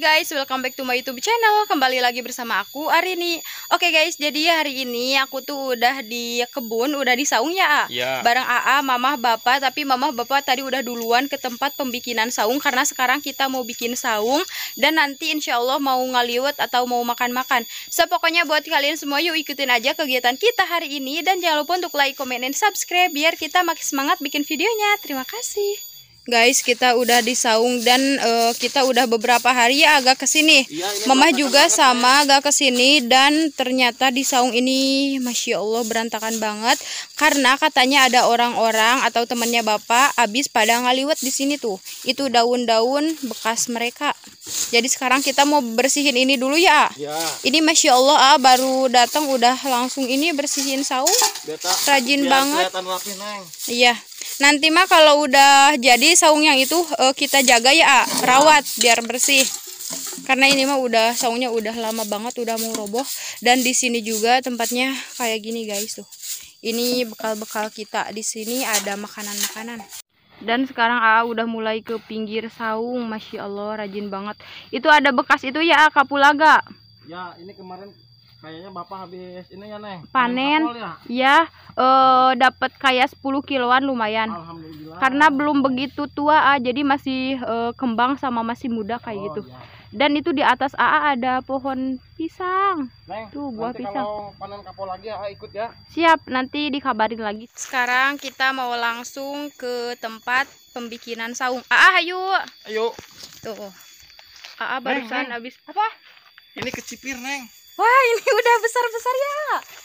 guys, welcome back to my YouTube channel. Kembali lagi bersama aku Arini. Oke okay guys, jadi hari ini aku tuh udah di kebun, udah di saung ya. Yeah. Bareng AA, Mamah, Bapak, tapi Mamah Bapak tadi udah duluan ke tempat pembikinan saung karena sekarang kita mau bikin saung dan nanti insya Allah mau ngaliwet atau mau makan-makan. So pokoknya buat kalian semua yuk ikutin aja kegiatan kita hari ini dan jangan lupa untuk like, comment, dan subscribe biar kita makin semangat bikin videonya. Terima kasih guys kita udah di saung dan uh, kita udah beberapa hari ya agak kesini iya, mamah juga banget, sama ya. agak kesini dan ternyata di saung ini masya allah berantakan banget karena katanya ada orang-orang atau temannya bapak abis pada ngaliwet di sini tuh itu daun-daun bekas mereka jadi sekarang kita mau bersihin ini dulu ya, ya. ini masya allah ah, baru datang udah langsung ini bersihin saung Beta, rajin banget iya Nanti mah kalau udah jadi saung yang itu uh, kita jaga ya, ah, rawat biar bersih. Karena ini mah udah saungnya udah lama banget udah mau roboh dan di sini juga tempatnya kayak gini guys tuh. Ini bekal-bekal kita di sini ada makanan-makanan. Dan sekarang AA udah mulai ke pinggir saung, masya Allah rajin banget. Itu ada bekas itu ya kapulaga. Ya ini kemarin kayaknya bapak habis ini ya neng panen ya, ya uh, eh, dapat kayak 10 kiloan lumayan karena belum begitu tua ah, jadi masih uh, kembang sama masih muda kayak oh, gitu ya. dan itu di atas AA ada pohon pisang neng, tuh buah nanti pisang kalau panen kapol lagi AA ikut ya siap nanti dikabarin lagi sekarang kita mau langsung ke tempat pembikinan saung AA ayo ayo tuh AA barusan neng, habis apa ini kecipir neng Wah ini udah besar besar ya.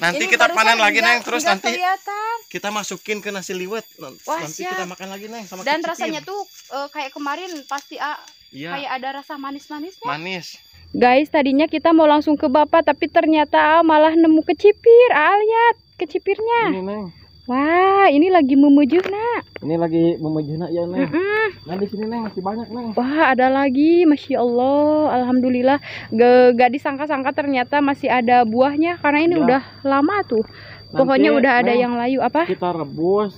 Nanti ini kita panen lagi neng terus nanti kelihatan. kita masukin ke nasi liwet. Wah, nanti siap. kita makan lagi neng sama. Dan rasanya tuh uh, kayak kemarin pasti ah, ya. kayak ada rasa manis manisnya. Manis. Guys tadinya kita mau langsung ke bapak tapi ternyata ah, malah nemu kecipir. Ah lihat kecipirnya. Ini neng. Wah, ini lagi memujuh, Nak. Ini lagi memujuh, Nak, ya, Neng. Mm -mm. Nah, di sini, Neng, masih banyak, Neng. Wah, ada lagi. Masya Allah. Alhamdulillah. G gak disangka-sangka ternyata masih ada buahnya. Karena ini ya. udah lama tuh. Nanti, Pokoknya udah ada Neng, yang layu. Apa? Kita rebus.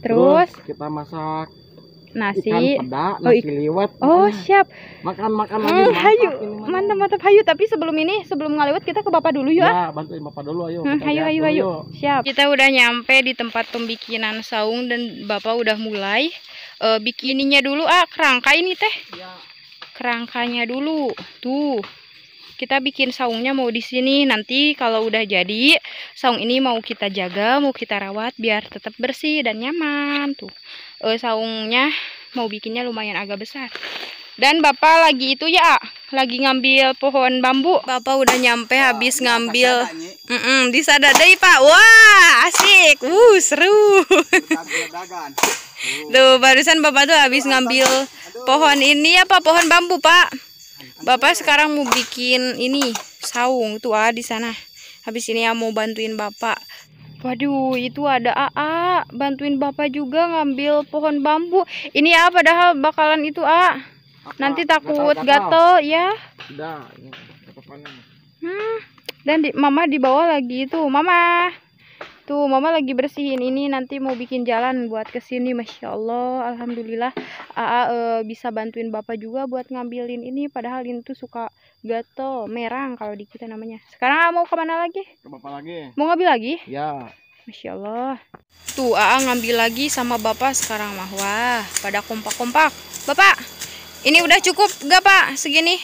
Terus? terus kita masak nasi ikan peda, oh, nasi oh, liwet. Oh, nah. siap. Makan-makan eh, lagi. Hmm, hayu. Mantap-mantap hayu, tapi sebelum ini sebelum ngaliwet kita ke Bapak dulu yuk. Ya, ah. bantuin Bapak dulu ayo. Hmm, hayu hayu hayu. Siap. Kita udah nyampe di tempat pembikinan saung dan Bapak udah mulai uh, bikininya dulu ah, kerangka ini teh. Ya. Kerangkanya dulu. Tuh. Kita bikin saungnya mau di sini. Nanti kalau udah jadi, saung ini mau kita jaga, mau kita rawat biar tetap bersih dan nyaman. Tuh uh, saungnya mau bikinnya lumayan agak besar dan bapak lagi itu ya lagi ngambil pohon bambu bapak udah nyampe oh, habis ngambil mm -mm, di deh pak wah asik wuh seru tuh barusan bapak tuh habis ngambil pohon ini apa pohon bambu pak bapak sekarang mau bikin ini saung tuh ah di sana habis ini ya mau bantuin bapak Waduh, itu ada AA bantuin Bapak juga ngambil pohon bambu. Ini ya padahal bakalan itu A. Nanti takut gatel ya. Udah, ya, Hmm. Dan di, Mama dibawa lagi itu, Mama. Tuh, Mama lagi bersihin ini nanti mau bikin jalan buat ke sini. Masya Allah, alhamdulillah Aa e, bisa bantuin Bapak juga buat ngambilin ini padahal ini tuh suka gatel, merang kalau di kita namanya. Sekarang mau kemana lagi? Ke Bapak lagi. Mau ngambil lagi? Ya. Masya Allah. Tuh, Aa ngambil lagi sama Bapak sekarang mah. Wah, pada kompak-kompak. Bapak, ini udah cukup gak Pak segini?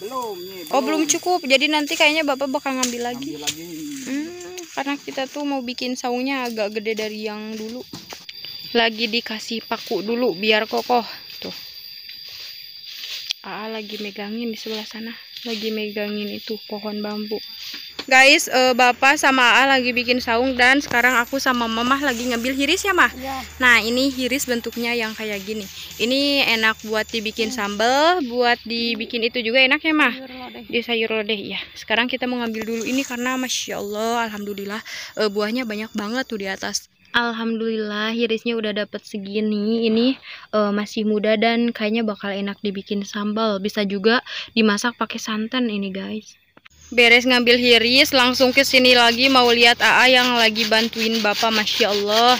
Belum, nih, oh, belum. Oh, belum cukup. Jadi nanti kayaknya Bapak bakal ngambil lagi. Ngambil lagi. Hmm karena kita tuh mau bikin saungnya agak gede dari yang dulu lagi dikasih paku dulu biar kokoh tuh Aa lagi megangin di sebelah sana lagi megangin itu pohon bambu guys e, bapak sama Aa lagi bikin saung dan sekarang aku sama mamah lagi ngambil hiris ya mah ya. nah ini hiris bentuknya yang kayak gini ini enak buat dibikin sambel, buat dibikin itu juga enak ya mah iya, di sayur lodeh ya sekarang kita mau ngambil dulu ini karena masya allah alhamdulillah eh, buahnya banyak banget tuh di atas Alhamdulillah irisnya udah dapet segini Ini uh, masih muda dan kayaknya bakal enak dibikin sambal Bisa juga dimasak pakai santan ini guys beres ngambil hiris langsung ke sini lagi mau lihat AA yang lagi bantuin Bapak Masya Allah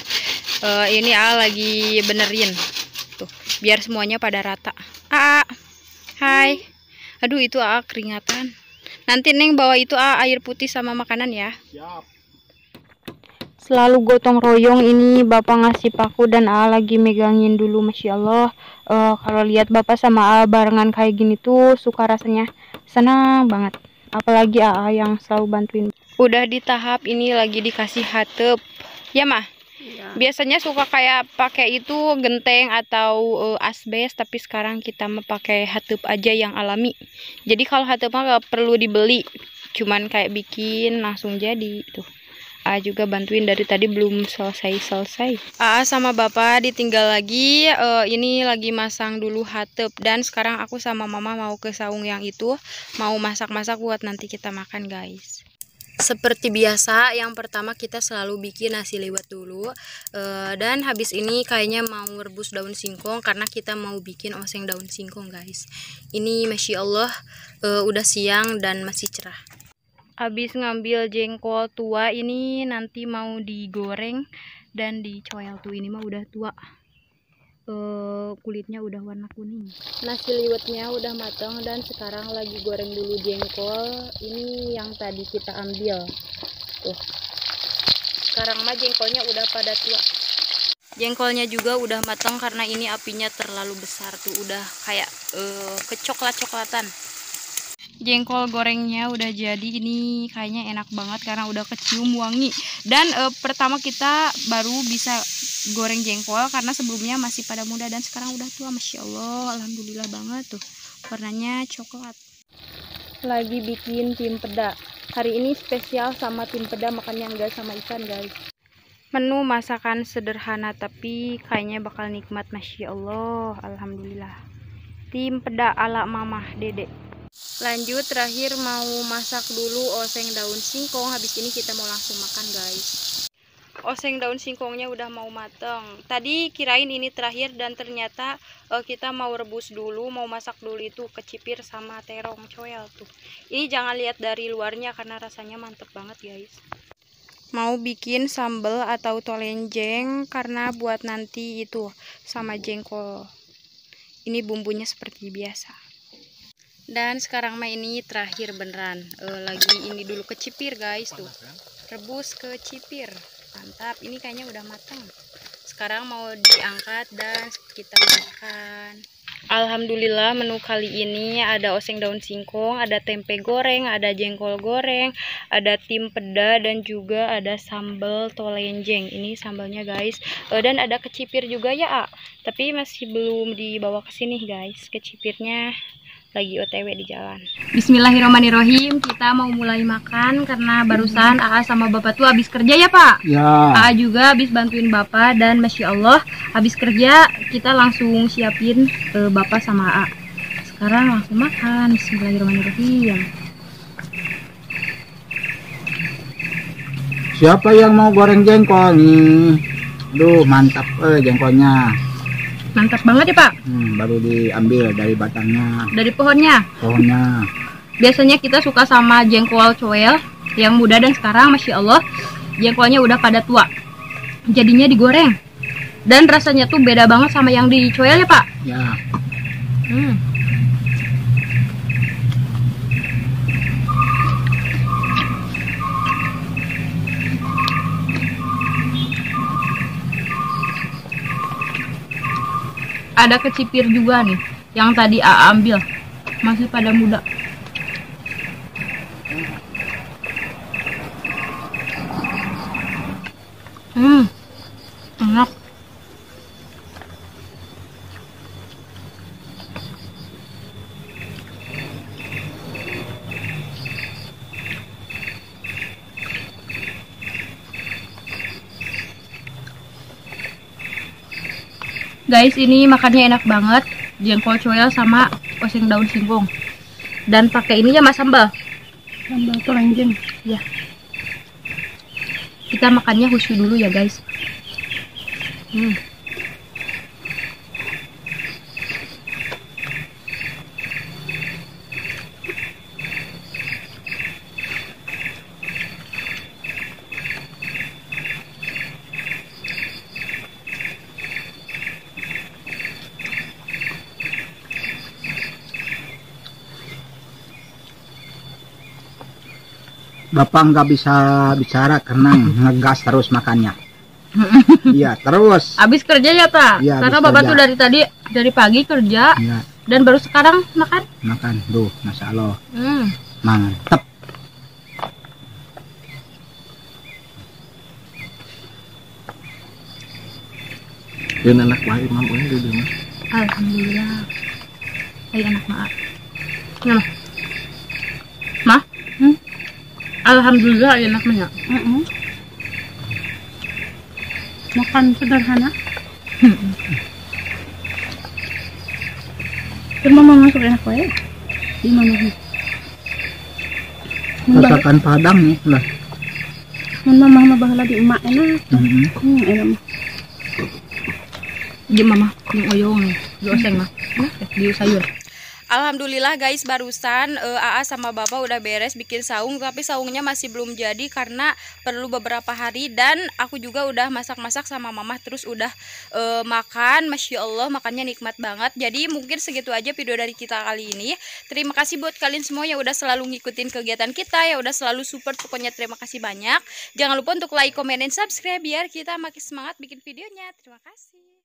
uh, ini AA lagi benerin tuh biar semuanya pada rata AA hai aduh itu ah keringatan nanti neng bawa itu ah air putih sama makanan ya Siap. selalu gotong royong ini bapak ngasih paku dan ah lagi megangin dulu masya allah uh, kalau lihat bapak sama ah barengan kayak gini tuh suka rasanya senang banget apalagi AA yang selalu bantuin udah di tahap ini lagi dikasih hatep ya mah Iya. Biasanya suka kayak pakai itu genteng atau uh, asbes, tapi sekarang kita mau pakai hatup aja yang alami. Jadi kalau hatup mah gak perlu dibeli, cuman kayak bikin langsung jadi tuh. Gitu. A juga bantuin dari tadi belum selesai-selesai. A sama Bapak ditinggal lagi. uh, ini lagi masang dulu hatup dan sekarang aku sama Mama mau ke saung yang itu, mau masak-masak buat nanti kita makan, guys seperti biasa yang pertama kita selalu bikin nasi lewat dulu e, dan habis ini kayaknya mau rebus daun singkong karena kita mau bikin oseng daun singkong guys ini masya Allah e, udah siang dan masih cerah habis ngambil jengkol tua ini nanti mau digoreng dan dicoyal tuh ini mah udah tua uh, kulitnya udah warna kuning. Nasi liwetnya udah matang dan sekarang lagi goreng dulu jengkol. Ini yang tadi kita ambil. Tuh. Sekarang mah jengkolnya udah pada tua. Jengkolnya juga udah matang karena ini apinya terlalu besar tuh, udah kayak uh, eh, kecoklat-coklatan jengkol gorengnya udah jadi ini kayaknya enak banget karena udah kecium wangi dan e, pertama kita baru bisa goreng jengkol karena sebelumnya masih pada muda dan sekarang udah tua masya allah alhamdulillah banget tuh warnanya coklat lagi bikin tim peda hari ini spesial sama tim peda makannya enggak sama ikan guys menu masakan sederhana tapi kayaknya bakal nikmat masya allah alhamdulillah tim peda ala mamah dedek lanjut terakhir mau masak dulu oseng daun singkong habis ini kita mau langsung makan guys oseng daun singkongnya udah mau mateng tadi kirain ini terakhir dan ternyata uh, kita mau rebus dulu mau masak dulu itu kecipir sama terong coel tuh ini jangan lihat dari luarnya karena rasanya mantep banget guys mau bikin sambal atau tolenjeng karena buat nanti itu sama jengkol ini bumbunya seperti biasa dan sekarang mah ini terakhir beneran uh, lagi ini dulu kecipir guys tuh rebus kecipir mantap ini kayaknya udah matang sekarang mau diangkat dan kita makan Alhamdulillah menu kali ini ada oseng daun singkong, ada tempe goreng, ada jengkol goreng, ada tim peda dan juga ada sambal tolenjeng. Ini sambalnya guys. Eh, dan ada kecipir juga ya, A. Tapi masih belum dibawa ke sini guys. Kecipirnya lagi OTW di jalan. Bismillahirrahmanirrahim. Kita mau mulai makan karena barusan AA sama Bapak tuh habis kerja ya, Pak? Ya. AA juga habis bantuin Bapak dan Masya Allah, habis kerja kita langsung siapin ke Bapak sama AA. Sekarang langsung makan. Bismillahirrahmanirrahim. Siapa yang mau goreng jengkol nih? Aduh, mantap eh jengkolnya mantap banget ya pak hmm, baru diambil dari batangnya dari pohonnya pohonnya biasanya kita suka sama jengkol coel yang muda dan sekarang masih allah jengkolnya udah pada tua jadinya digoreng dan rasanya tuh beda banget sama yang di coel ya pak ya hmm. ada kecipir juga nih yang tadi A ambil masih pada muda hmm Guys, ini makannya enak banget. Jengkol coel sama oseng daun singkong. Dan pakai ini ya mas sambal. Sambal kelenjeng. Ya. Kita makannya khusyuk dulu ya guys. Hmm. bapak nggak bisa bicara karena hmm. ngegas terus makannya iya terus Abis kerja ya ta ya, karena bapak kerja. tuh dari tadi dari pagi kerja ya. dan baru sekarang makan makan tuh masya allah hmm. mantep dan anak baik, mampunya di alhamdulillah ayo anak maaf Nah, Alhamdulillah enak banyak. Mm Makan sederhana. Terima mau masuk enak kue. Ya? Di mana sih? Masakan Padang nih lah. Mama mama mah bahala di emak enak. Mm -hmm. hmm enak mah. Di mamah, kung oyong, di oseng mah. Di sayur. Alhamdulillah guys barusan uh, AA sama Bapak udah beres bikin saung tapi saungnya masih belum jadi karena perlu beberapa hari dan aku juga udah masak-masak sama Mama terus udah uh, makan Masya Allah makannya nikmat banget jadi mungkin segitu aja video dari kita kali ini terima kasih buat kalian semua yang udah selalu ngikutin kegiatan kita yang udah selalu support pokoknya terima kasih banyak jangan lupa untuk like, comment, dan subscribe biar kita makin semangat bikin videonya terima kasih